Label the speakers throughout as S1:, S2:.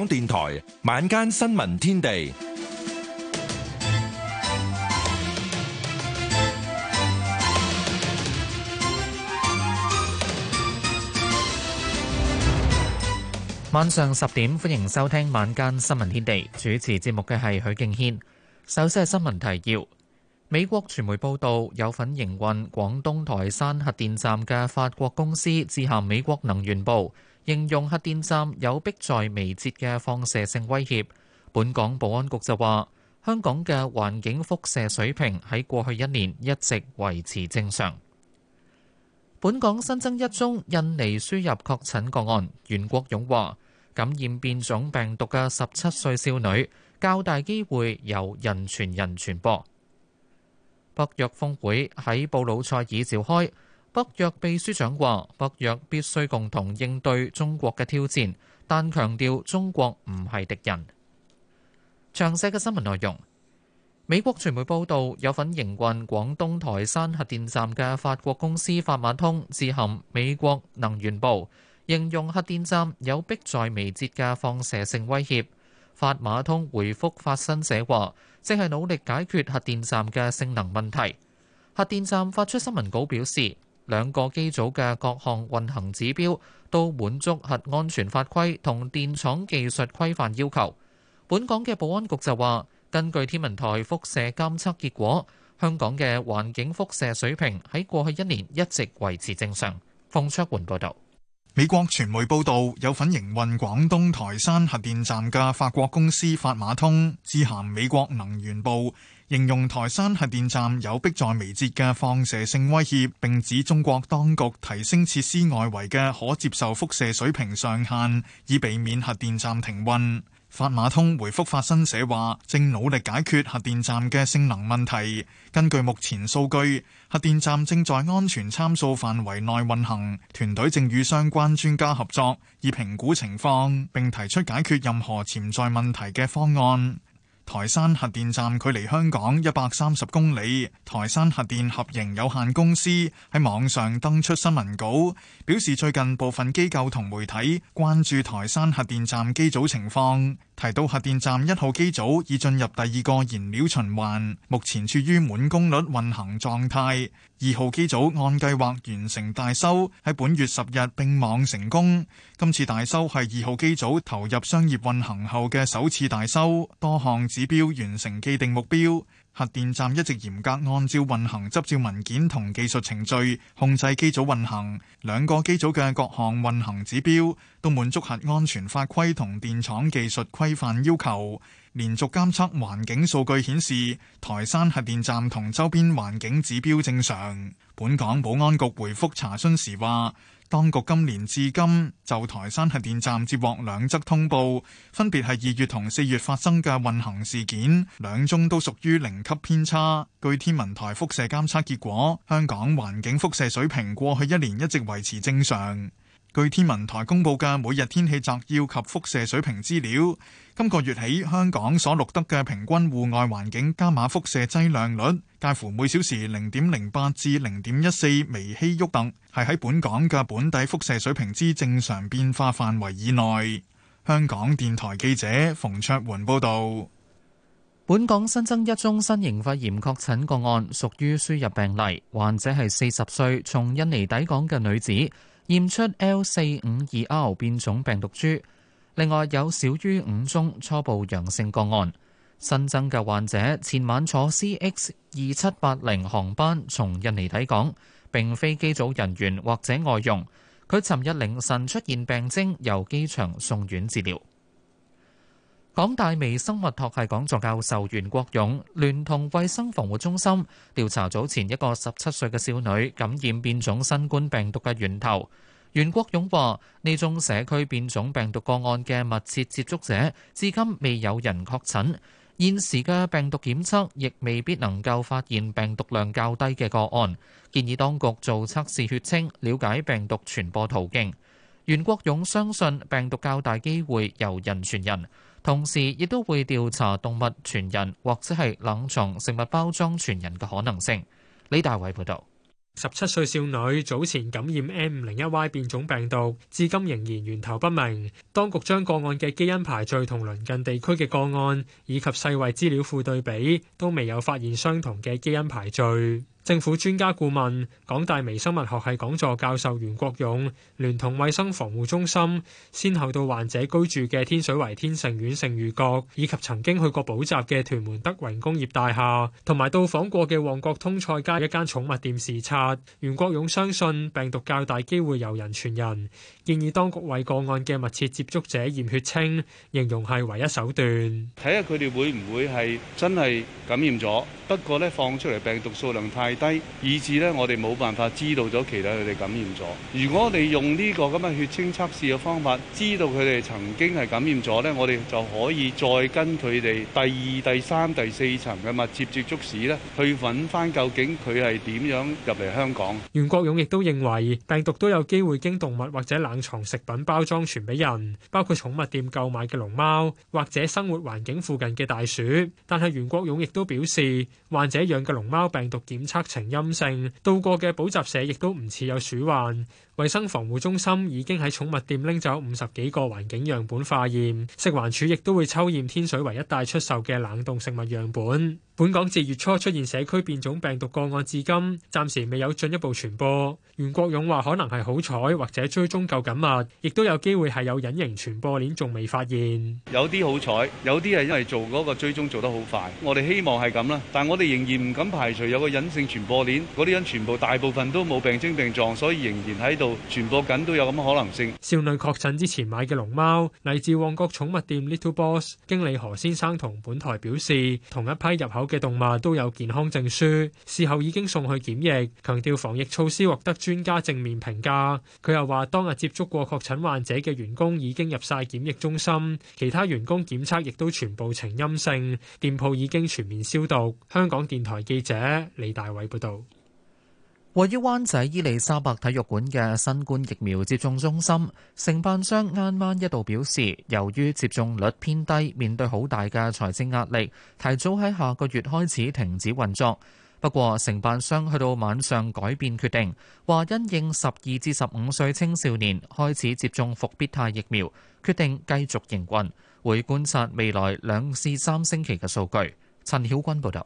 S1: 港電台晚間新聞天地，
S2: 晚上十點歡迎收聽晚間新聞天地。主持節目嘅係許敬軒。首先係新聞提要：美國傳媒報道，有份營運廣東台山核電站嘅法國公司致函美國能源部。形容核電站有迫在眉睫嘅放射性威脅。本港保安局就話，香港嘅環境輻射水平喺過去一年一直維持正常。本港新增一宗印尼輸入確診個案。袁國勇話，感染變種病毒嘅十七歲少女，較大機會由人傳人傳播。北約峰會喺布魯塞爾召開。北約秘書長話：北約必須共同應對中國嘅挑戰，但強調中國唔係敵人。詳細嘅新聞內容，美國傳媒報道有份營運廣東台山核電站嘅法國公司法馬通致函美國能源部，形容核電站有迫在眉睫嘅放射性威脅。法馬通回覆發聲者話，正係努力解決核電站嘅性能問題。核電站發出新聞稿表示。兩個機組嘅各項運行指標都滿足核安全法規同電廠技術規範要求。本港嘅保安局就話，根據天文台輻射監測結果，香港嘅環境
S3: 輻射水平喺過去一年一直維持正常。馮卓桓報導。美國傳媒報道，有份營運廣東台山核電站嘅法國公司法馬通，致函美國能源部，形容台山核電站有迫在眉睫嘅放射性威脅，並指中國當局提升設施外圍嘅可接受輻射水平上限，以避免核電站停運。法馬通回覆法新社話：正努力解決核電站嘅性能問題。根據目前數據，核電站正在安全參數範圍內運行，團隊正與相關專家合作，以評估情況，並提出解決任何潛在問題嘅方案。台山核電站距離香港一百三十公里。台山核電合營有限公司喺網上登出新聞稿，表示最近部分機構同媒體關注台山核電站機組情況。提到核電站一號機組已進入第二個燃料循環，目前處於滿功率運行狀態，二號機組按計劃完成大修，喺本月十日並網成功。今次大修係二號機組投入商業運行後嘅首次大修，多項指標完成既定目標。核電站一直嚴格按照運行執照文件同技術程序控制機組運行，兩個機組嘅各項運行指標都滿足核安全法規同電廠技術規範要求。連續監測環境數據顯示，台山核電站同周邊環境指標正常。本港保安局回覆查詢時話。當局今年至今就台山核電站接獲兩則通報，分別係二月同四月發生嘅運行事件，兩宗都屬於零級偏差。據天文台輻射監測結果，香港環境輻射水平過去一年一直維持正常。據天文台公佈嘅每日天氣摘要及輻射水平資料。今個月起，香港所錄得嘅平均戶外環境伽馬輻射劑量率，介乎每小時零點零八至零點一四微希沃特，係喺本港嘅本地輻射水平之正常變化範圍以內。香港電台記者馮卓桓報導。本港新增一宗新型肺炎確診個案，屬於輸入
S2: 病例，患者係四十歲，從印尼抵港嘅女子，驗出 L 四五二 R 變種病毒株。另外有少於五宗初步陽性個案。新增嘅患者前晚坐 CX 二七八零航班從印尼抵港，並非機組人員或者外傭。佢尋日凌晨出現病徵，由機場送院治療。港大微生物學系講座教授袁國勇聯同衞生防護中心調查早前一個十七歲嘅少女感染變種新冠病毒嘅源頭。袁國勇話：呢種社區變種病毒個案嘅密切接觸者至今未有人確診，現時嘅病毒檢測亦未必能夠發現病毒量較低嘅個案，建議當局做測試血清，了解病毒傳播途徑。袁國勇相信病毒較大機會由人傳人，同時亦都會調查動物傳人或者係冷藏食物包裝傳人嘅可能性。李大偉報導。
S1: 十七歲少女早前感染 N501Y 變種病毒，至今仍然源頭不明。當局將個案嘅基因排序同鄰近地區嘅個案以及世衛資料庫對比，都未有發現相同嘅基因排序。政府專家顧問、港大微生物學系講座教授袁國勇，聯同衞生防護中心，先後到患者居住嘅天水圍天盛苑盛如閣，以及曾經去過補習嘅屯門德榮工業大廈，同埋到訪過嘅旺角通菜街一間寵物店視察。袁國勇相信病毒較大機會由人傳人。建議當局為個案嘅密切接觸者驗血清，形容係唯一手段。睇下
S3: 佢哋會唔會係真係感染咗？不過呢，放出嚟病毒數量太低，以致呢我哋冇辦法知道咗其他佢哋感染咗。如果我哋用呢個咁嘅血清測試嘅方法，知道佢哋曾經係感染咗呢，我哋就可以再跟佢哋第二、第三、第四層嘅密切接觸史呢，去揾翻究竟佢係點樣入嚟香港。
S1: 袁國勇亦都認為，病毒都有機會經動物或者冷藏食品包裝傳俾人，包括寵物店購買嘅龍貓或者生活環境附近嘅大鼠。但係袁國勇亦都表示，患者養嘅龍貓病毒檢測呈陰性，到過嘅補習社亦都唔似有鼠患。衛生防護中心已經喺寵物店拎走五十幾個環境樣本化驗，食環署亦都會抽驗天水圍一帶出售嘅冷凍食物樣本。本港自月初出現社區變種病毒個案至今，暫時未有進一步傳播。袁國勇話：可能係好彩，或者追蹤救。咁啊，亦都有機會係有隱形傳播鏈，仲未發現。
S3: 有啲好彩，有啲係因為做嗰個追蹤做得好快。我哋希望係咁啦，但我哋仍然唔敢排除有個隱性傳播鏈。嗰啲人全部大部分都冇病徵病狀，所以仍然喺度傳播緊，都有咁嘅可能性。
S1: 少女確診之前買嘅龍貓嚟自旺角寵物店 Little Boss，經理何先生同本台表示，同一批入口嘅動物都有健康證書，事後已經送去檢疫，強調防疫措施獲得專家正面評價。佢又話當日接捉過確診患者嘅員工已經入晒檢疫中心，其他員工檢測亦都全部呈陰性，店鋪已經全面消毒。香港電台記者李大偉報導。
S2: 位於灣仔伊利沙伯體育館嘅新冠疫苗接種中心，承辦商啱啱一度表示，由於接種率偏低，面對好大嘅財政壓力，提早喺下個月開始停止運作。不過，承辦商去到晚上改變決定，話因應十二至十五歲青少年開始接種復必泰疫苗，決定繼續營運，會觀察未來兩至三星期嘅數據。陳曉君報導。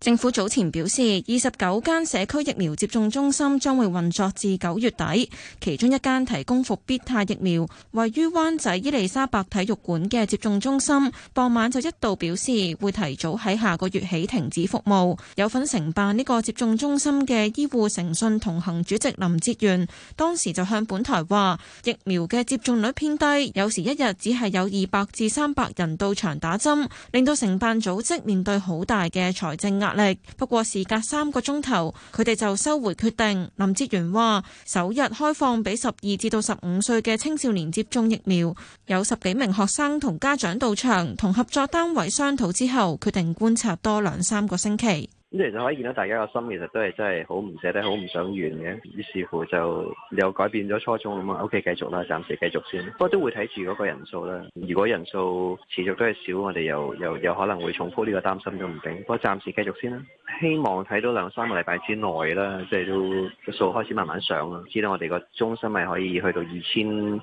S4: 政府早前表示，二十九間社區疫苗接種中心將會運作至九月底。其中一間提供復必泰疫苗，位於灣仔伊麗莎白體育館嘅接種中心，傍晚就一度表示會提早喺下個月起停止服務。有份承辦呢個接種中心嘅醫護誠信同行主席林哲元當時就向本台話：疫苗嘅接種率偏低，有時一日只係有二百至三百人到場打針，令到承辦組織面對好大嘅財政壓力。壓力，不過，時隔三個鐘頭，佢哋就收回決定。林志源話：首日開放俾十二至到十五歲嘅青少年接種疫苗，有十幾名學生同家長到場，同合作單位商討之後，決定觀察多兩三個星期。
S5: 咁其實可以見到大家個心其實都係真係好唔捨得、好唔想完嘅，於是乎就又改變咗初衷咁啊。OK，繼續啦，暫時繼續先。不過都會睇住嗰個人數啦。如果人數持續都係少，我哋又又，又可能會重複呢個擔心都唔定。不過暫時繼續先啦。希望睇到兩三個禮拜之內啦，即係都個數開始慢慢上啦。知道我哋個中心係可以去到二千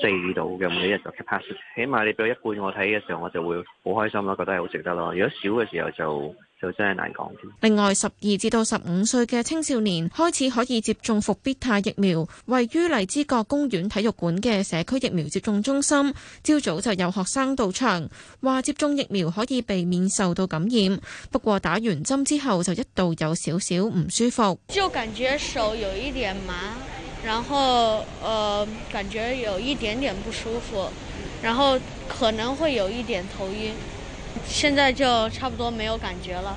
S5: 四度嘅每一日個 capacity，起碼你俾一半我睇嘅時候，我就會好開心啦，覺得係好值得咯。如果少嘅時候就就真係難講。
S4: 另外，十二至到十五歲嘅青少年開始可以接種復必泰疫苗。位於荔枝角公園體育館嘅社區疫苗接種中心，朝早就有學生到場，話接種疫苗可以避免受到感染。不過打完針之後就一度有少少唔舒服，
S6: 就感覺手有一點麻，然後呃感覺有一點點不舒服，然後可能會有一點頭暈。現在就差不多沒有感覺了。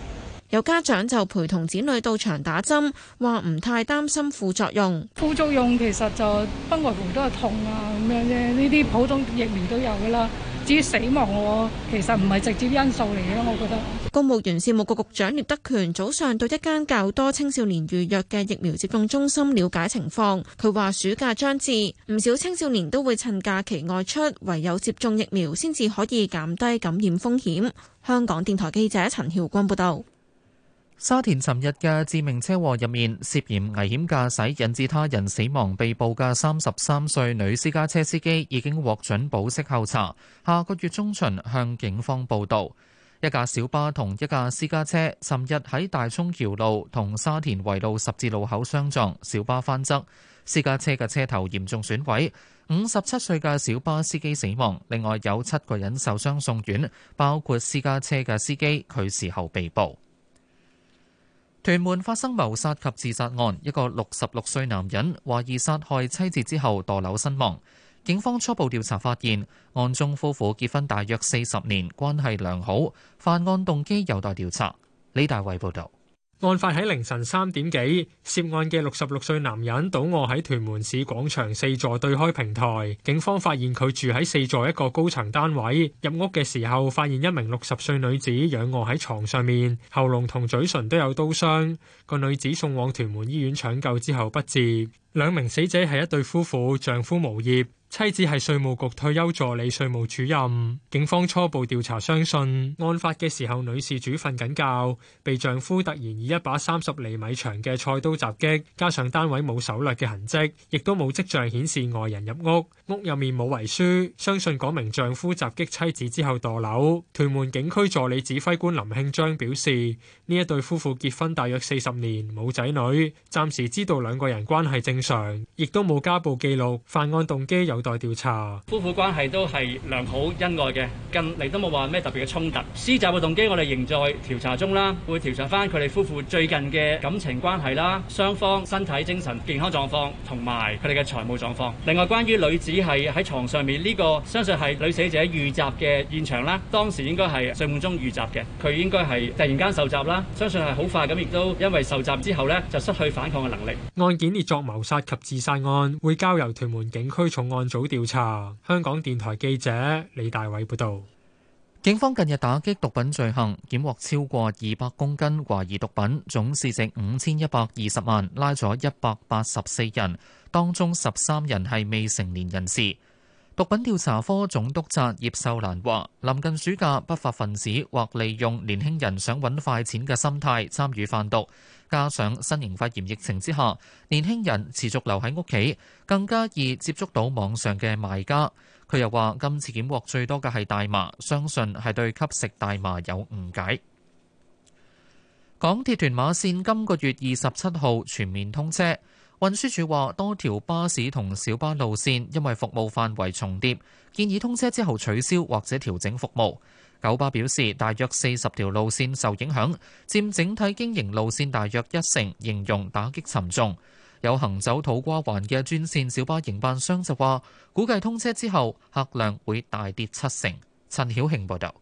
S4: 有家長就陪同子女到場打針，話唔太擔心副作用。
S6: 副作用其實就
S4: 不外乎都係痛啊咁樣啫，呢啲普通疫苗都有噶啦。 至於死亡喎，其實唔係直接因素嚟嘅，我覺得。公務員事務局局長聶德權早上到一間較多青少年預約嘅疫苗接種中心了解情況。佢話：暑假將至，唔少青少年都會趁假期外出，唯有接種疫苗先至可以減低感染風險。香港電台記者陳曉君報道。
S2: 沙田尋日嘅致命車禍入面，涉嫌危險駕駛引致他人死亡被捕嘅三十三歲女私家車司機已經獲准保釋候查，下個月中旬向警方報到。一架小巴同一架私家車尋日喺大涌橋路同沙田圍路十字路口相撞，小巴翻側，私家車嘅車頭嚴重損毀，五十七歲嘅小巴司機死亡，另外有七個人受傷送院，包括私家車嘅司機，佢事後被捕。屯門發生謀殺及自殺案，一個六十六歲男人懷疑殺害妻子之後墮樓身亡。警方初步調查發現，案中夫婦結婚大約四十年，關係良好，犯案動機有待調查。李大偉報道。
S1: 案發喺凌晨三點幾，涉案嘅六十六歲男人倒臥喺屯門市廣場四座對開平台，警方發現佢住喺四座一個高層單位。入屋嘅時候，發現一名六十歲女子仰臥喺床上面，喉嚨同嘴唇都有刀傷。個女子送往屯門醫院搶救之後不治。兩名死者係一對夫婦，丈夫無業。妻子係稅務局退休助理稅務主任。警方初步調查相信，案發嘅時候，女事主瞓緊覺，被丈夫突然以一把三十厘米長嘅菜刀襲擊，加上單位冇搜掠嘅痕跡，亦都冇跡象顯示外人入屋。屋入面冇遺書，相信嗰名丈夫襲擊妻子之後墮樓。屯門警區助理指揮官林慶章表示，呢一對夫婦結婚大約四十年，冇仔女，暫時知道兩個人關係正常，亦都冇家暴記錄，犯案動機有待調查，
S5: 夫婦關係都係良好恩愛嘅，近嚟都冇話咩特別嘅衝突。施襲嘅動機我哋仍在調查中啦，會調查翻佢哋夫婦最近嘅感情關係啦，雙方身體、精神健康狀況同埋佢哋嘅財務狀況。另外，關於女子係喺床上面呢個，相信係女死者遇襲嘅現場啦。當時應該係睡夢中遇襲嘅，佢應該係突然間受襲啦。相信係好快咁，亦都因為受襲之後呢就失去
S2: 反抗嘅能力。
S1: 案件列作謀殺及自殺案，會交由屯門警區重案。早調查，香港電台記者李大偉報道。
S2: 警方近日打擊毒品罪行，檢獲超過二百公斤懷疑毒品，總市值五千一百二十萬，拉咗一百八十四人，當中十三人係未成年人士。毒品調查科總督察葉秀蘭話，臨近暑假，不法分子或利用年輕人想揾快錢嘅心態參與販毒，加上新型肺炎疫情之下，年輕人持續留喺屋企，更加易接觸到網上嘅賣家。佢又話，今次檢獲最多嘅係大麻，相信係對吸食大麻有誤解。港鐵屯馬線今個月二十七號全面通車。運輸署話多條巴士同小巴路線因為服務範圍重疊，建議通車之後取消或者調整服務。九巴表示大約四十條路線受影響，佔整體經營路線大約一成，形容打擊沉重。有行走土瓜灣嘅專線小巴營辦商就話，估計通車之後客量會大跌七成。陳曉慶報道。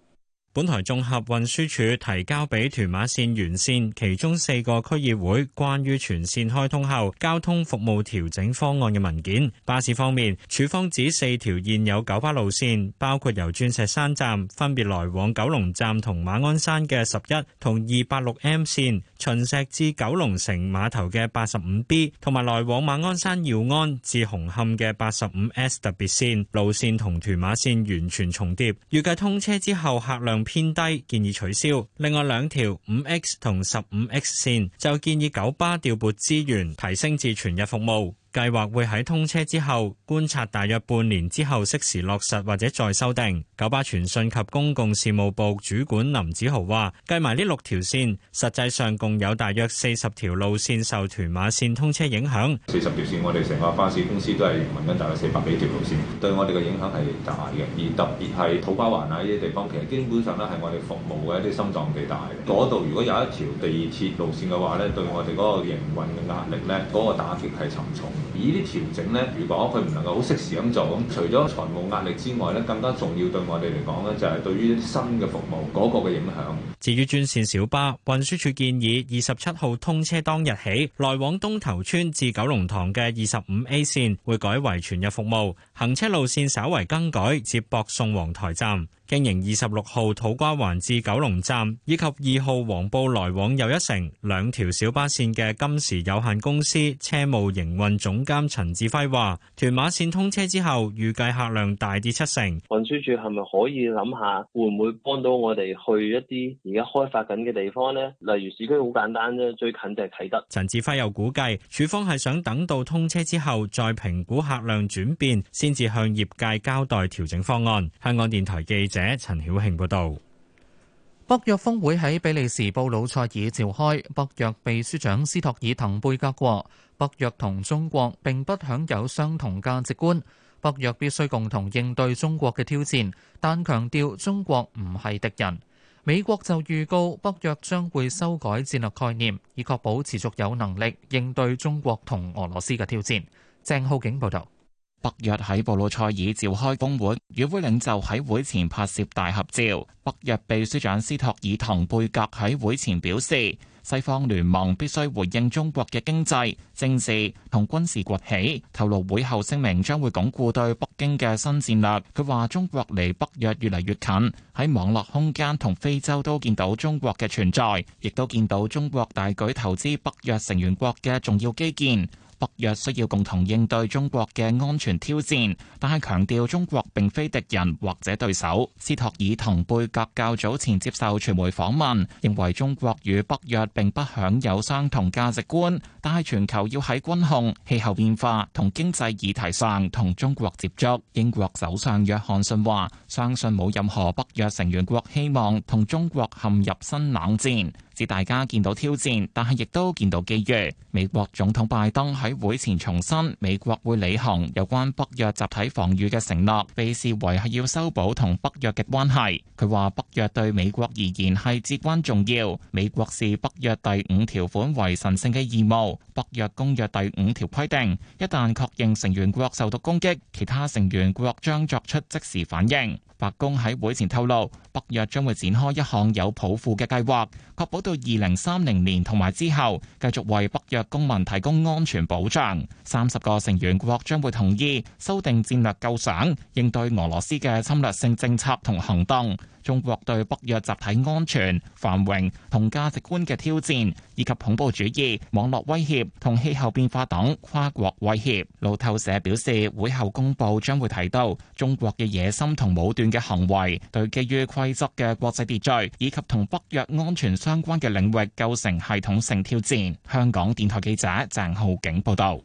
S2: 本台綜合
S5: 運輸署提交俾屯馬線沿線其中四個區議會關於全線開通後交通服務調整方案嘅文件。巴士方面，署方指四條現有九巴路線，包括由鑽石山站分別來往九龍站同馬鞍山嘅十一同二八六 M 線、秦石至九龍城碼頭嘅八十五 B，同埋來往馬鞍山耀安至紅磡嘅八十五 S 特別線，路線同屯馬線完全重疊。預計通車之後客量，偏低，建議取消。另外兩條五 X 同十五 X 線，就建議九巴調撥資源，提升至全日服務。計劃會喺通車之後觀察，大約半年之後適時落實或者再修訂。九巴傳訊及公共事務部主管林子豪話，計埋呢六條線，實際上共有大約四十條路線受屯馬線通車影響。四十條線，我哋成個巴士公司都係運緊大約四百幾條路線，對我哋嘅影響係大嘅。而特別係土瓜灣啊呢啲地方，其實基本上咧係我哋服務嘅一啲心臟地帶。嗰度、哦、如果有一條地鐵路線嘅話呢對我哋嗰個營運嘅壓力呢，嗰、嗰個打擊係沉重。呢啲調整呢，如果佢唔能夠好適時咁做，咁除咗財務壓力之外呢，更加重要對我哋嚟講呢，就係、是、對於新嘅服務嗰、那個嘅影響。至於專線小巴，運輸署建議二十七號通車當日起，來往東頭村至九龍塘嘅二十五 A 線會改為全日服務，行車路線稍為更改，接駁宋皇台站。經營二十六號土瓜灣至九龍站，以及二號黃埔來往又一城兩條小巴線嘅金時有限公司車務營運總監陳志輝話，屯馬線通車之後預計客量大跌七成。運輸署係咪可以諗下，會唔會幫到我哋去一啲而家開發緊嘅地方呢？例如市區好簡單啫，最近就係啟德。陳志輝又估計，署方係想等到通車之後，再評估客量轉變，先至向業界交代調整方案。香港電台記者。陳曉慶報道：
S2: 北約峰會喺比利時布魯塞爾召開，北約秘書長斯托爾滕貝格話，北約同中國並不享有相同價值觀，北約必須共同應對中國嘅挑戰，但強調中國唔係敵人。美國就預告北約將會修改戰略概念，以確保持續有能力應對中國同俄羅斯嘅挑戰。鄭浩景報道。北約喺布魯塞爾
S7: 召開峰會，與會領袖喺會前拍攝大合照。北約秘書長斯托爾滕貝格喺會前表示，西方聯盟必須回應中國嘅經濟、政治同軍事崛起。透露會後聲明將會鞏固對北京嘅新戰略。佢話：中國離北約越嚟越近，喺網絡空間同非洲都見到中國嘅存在，亦都見到中國大舉投資北約成員國嘅重要基建。北約需要共同應對中國嘅安全挑戰，但係強調中國並非敵人或者對手。斯托爾滕貝格較早前接受傳媒訪問，認為中國與北約並不享有相同價值觀，但係全球要喺軍控、氣候變化同經濟議題上同中國接觸。英國首相約翰遜話：相信冇任何北約成員國希望同中國陷入新冷戰。使大家見到挑戰，但係亦都見到機遇。美國總統拜登喺會前重申美國會履行有關北約集體防禦嘅承諾，被視為係要修補同北約嘅關係。佢話北約對美國而言係至關重要，美國視北約第五條款為神聖嘅義務。北約公約第五條規定，一旦確認成員國受到攻擊，其他成員國將作出即時反應。白宮喺會前透露，北約將會展開一項有抱負嘅計劃，確保到二零三零年同埋之後，繼續為北約公民提供安全保障。三十個成員國將會同意修訂戰略構想，應對俄羅斯嘅侵略性政策同行動，中國對北約集體安全、繁榮同價值觀嘅挑戰，以及恐怖主義、網絡威脅同氣候變化等跨國威脅。路透社表示，會後公佈將會提到中國嘅野心同武斷嘅行為對基於規則嘅國際秩序以及同北約安全相關嘅領域構成系統性挑戰。香港電台記者
S2: 鄭浩景報道，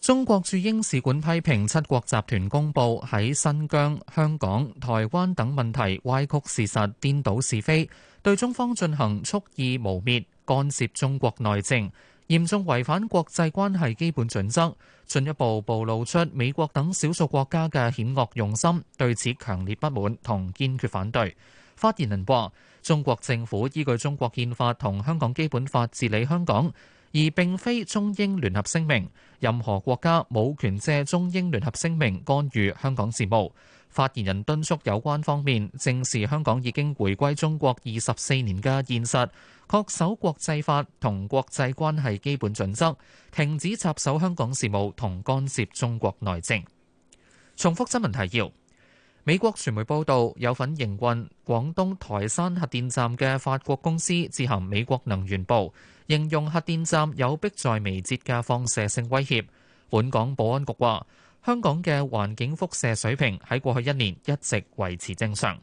S2: 中國駐英使館批評七國集團公佈喺新疆、香港、台灣等問題歪曲事實、顛倒是非，對中方進行蓄意污蔑、干涉中國內政，嚴重違反國際關係基本準則，進一步暴露出美國等少數國家嘅險惡用心。對此，強烈不滿同堅決反對。發言人話：中國政府依據中國憲法同香港基本法治理香港。而並非中英聯合聲明，任何國家冇權借中英聯合聲明干預香港事務。發言人敦促有關方面正視香港已經回歸中國二十四年嘅現實，恪守國際法同國際關係基本準則，停止插手香港事務同干涉中國內政。重複新聞提要。美國傳媒報導，有份營運廣東台山核電站嘅法國公司致函美國能源部，形容核電站有迫在眉睫嘅放射性威脅。本港保安局話，香港嘅環境輻射水平喺過去一年一直維持正常。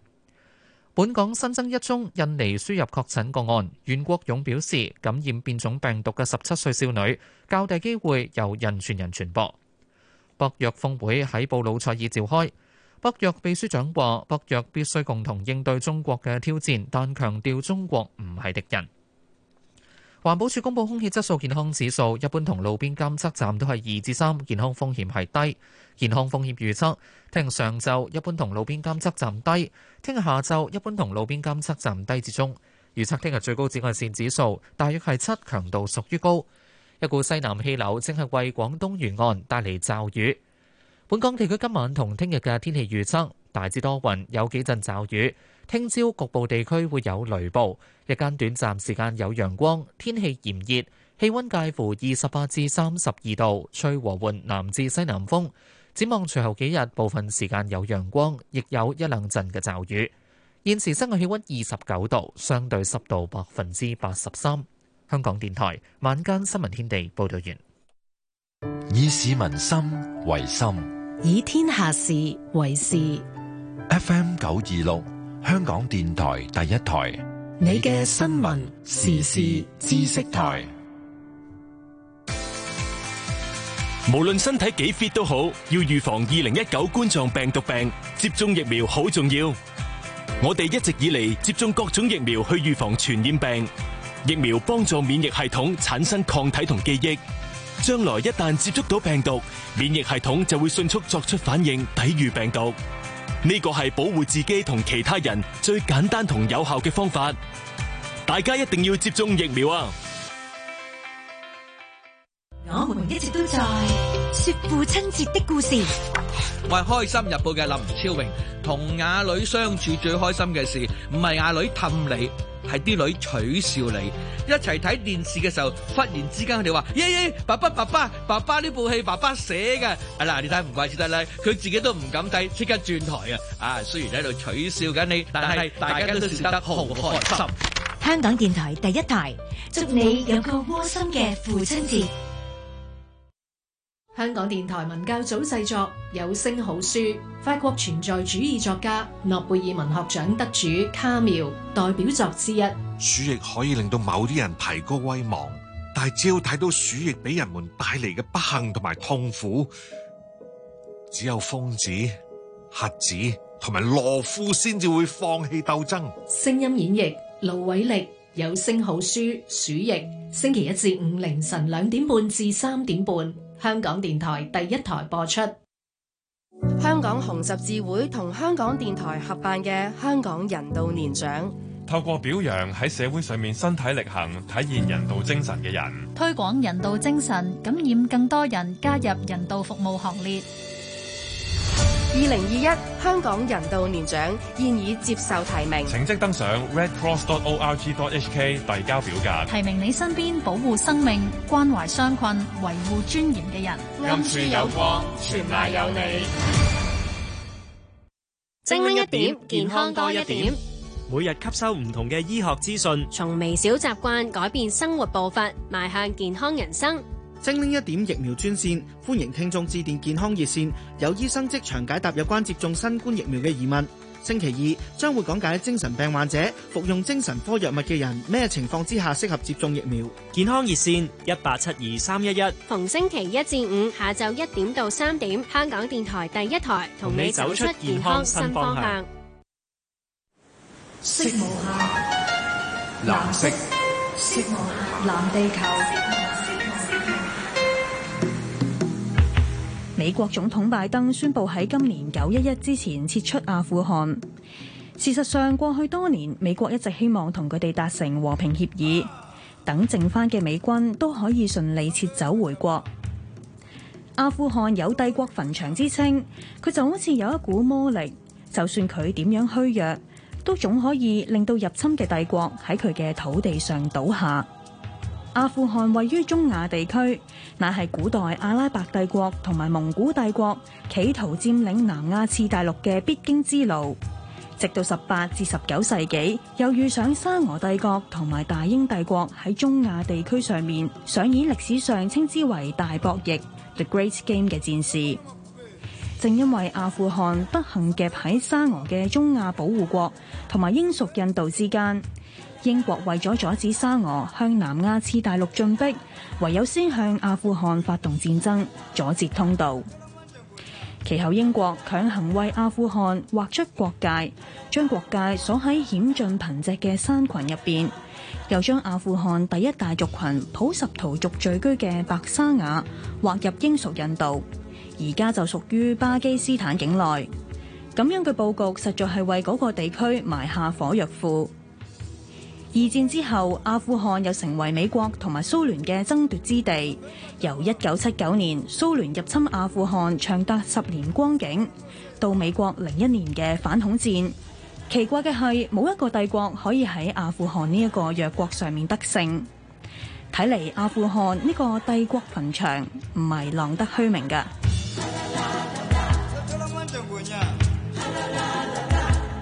S2: 本港新增一宗印尼輸入確診個案，袁國勇表示，感染變種病毒嘅十七歲少女，較大機會由人傳人傳播。北約峰會喺布魯塞爾召開。北約秘書長話：北約必須共同應對中國嘅挑戰，但強調中國唔係敵人。環保署公布空氣質素健康指數，一般同路邊監測站都係二至三，健康風險係低。健康風險預測：聽日上晝一般同路邊監測站低，聽日下晝一般同路邊監測站低至中。預測聽日最高紫外線指數大約係七，強度屬於高。一股西南氣流正係為廣東沿岸帶嚟驟雨。本港地區今晚同聽日嘅天氣預測大致多雲有幾陣驟雨。聽朝局部地區會有雷暴。日間短暫時間有陽光，天氣炎熱，氣温介乎二十八至三十二度，吹和緩南至西南風，展望隨後幾日，部分時間有陽光，亦有一兩陣嘅驟雨。現時室外氣温二十九度，相對濕度百分之八十三。香港電台晚間新聞天地報
S1: 道完。以市民心為心。以天下事為事。FM 九二六，香港電台第一台。你嘅新聞時事知識台。
S7: 無論身體幾 fit 都好，要預防二零一九冠狀病毒病，接種疫苗好重要。我哋一直以嚟接種各種疫苗去預防傳染病，疫苗幫助免疫系統產生抗體同記憶。將來一旦接觸到病毒，免疫系統就會迅速作出反應，抵
S6: 禦
S5: 病毒。係啲女取笑你，
S2: 一齊睇電視嘅時候，忽然之間佢哋話，耶、yeah, 耶、yeah，爸爸爸爸爸爸呢部戲爸爸寫㗎，啊嗱，你睇唔怪之得咧，佢自己都唔敢睇，即刻轉台啊！啊，雖然喺度取笑緊你，但係
S5: 大家都笑得好
S6: 開心。香港電台第一台，祝你有個窩心嘅父親節。
S4: 香港電台文教組製作有聲好書，法國存在主義作家、諾貝爾文學獎得主卡繆代表作之一
S2: 《鼠疫》，可以令到某啲人提高威望，但係只要睇到鼠疫俾人們帶嚟嘅不幸同埋痛苦，只有瘋子、瞎子同埋懦夫先至會放棄鬥爭。
S6: 聲音演繹：盧偉力有聲好書《鼠疫》，星期一至五凌晨兩點半至三點半。香港電台第一台播出。香港紅十字會同香港電台合辦嘅香港人道年獎，
S1: 透過表揚喺社會上面身體力行、體現人道精神嘅人，
S6: 推廣人道精神，感染更多人加入人道服務行列。二零二一香港人道年獎現已接受提名，請
S1: 即登上 redcross.org.hk dot 遞交表格，提
S6: 名你身邊保護生命、關懷傷困、維護尊嚴嘅人。陰處有光，全賴有你。精明一點，健康多一點。
S5: 每日吸收唔同嘅
S3: 醫學資訊，從微
S6: 小習慣改變生活步伐，邁向健康人生。
S3: 精靈一點疫苗專線，歡迎聽眾致電健康熱線，有醫生即場解答
S5: 有關接種新冠疫苗嘅疑問。星期二將會講解精神病患者服用精神科藥物嘅人，咩情況之下適合接種疫苗。健康熱線一八七二三
S6: 一一，逢星期一至五下晝一點到三點，香港電台第一台同你走出健康新方向。方向藍色藍地球。色美國總統拜登宣布喺今年九一一之前撤出阿富汗。事實上，過去多年，美國一直希望同佢哋達成和平協議，等剩翻嘅美軍都可以順利撤走回國。阿富汗有帝國墳場之稱，佢就好似有一股魔力，就算佢點樣虛弱，都總可以令到入侵嘅帝國喺佢嘅土地上倒下。阿富汗位於中亞地區，乃係古代阿拉伯帝國同埋蒙古帝國企圖佔領南亞次大陸嘅必經之路。直到十八至十九世紀，又遇上沙俄帝國同埋大英帝國喺中亞地區上面，上演歷史上稱之為大博弈 （The Great Game） 嘅戰事。正因為阿富汗不幸夾喺沙俄嘅中亞保護國同埋英屬印度之間。英國為咗阻止沙俄向南亞次大陸進逼，唯有先向阿富汗發動戰爭，阻截通道。其後英國強行為阿富汗劃出國界，將國界鎖喺險峻貧瘠嘅山群入邊，又將阿富汗第一大族群普什圖族聚居嘅白沙瓦劃入英屬印度，而家就屬於巴基斯坦境內。咁樣嘅佈局實在係為嗰個地區埋下火藥庫。二戰之後，阿富汗又成為美國同埋蘇聯嘅爭奪之地。由一九七九年蘇聯入侵阿富汗，長達十年光景，到美國零一年嘅反恐戰，奇怪嘅係冇一個帝國可以喺阿富汗呢一個弱國上面得勝。睇嚟阿富汗呢個帝國墳場唔係浪得虛名嘅。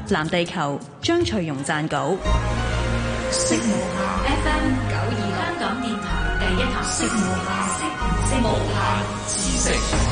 S6: 藍 地球張翠容撰稿。識無限 FM 92香港電台第一台，識無限，識唔識無限，知識。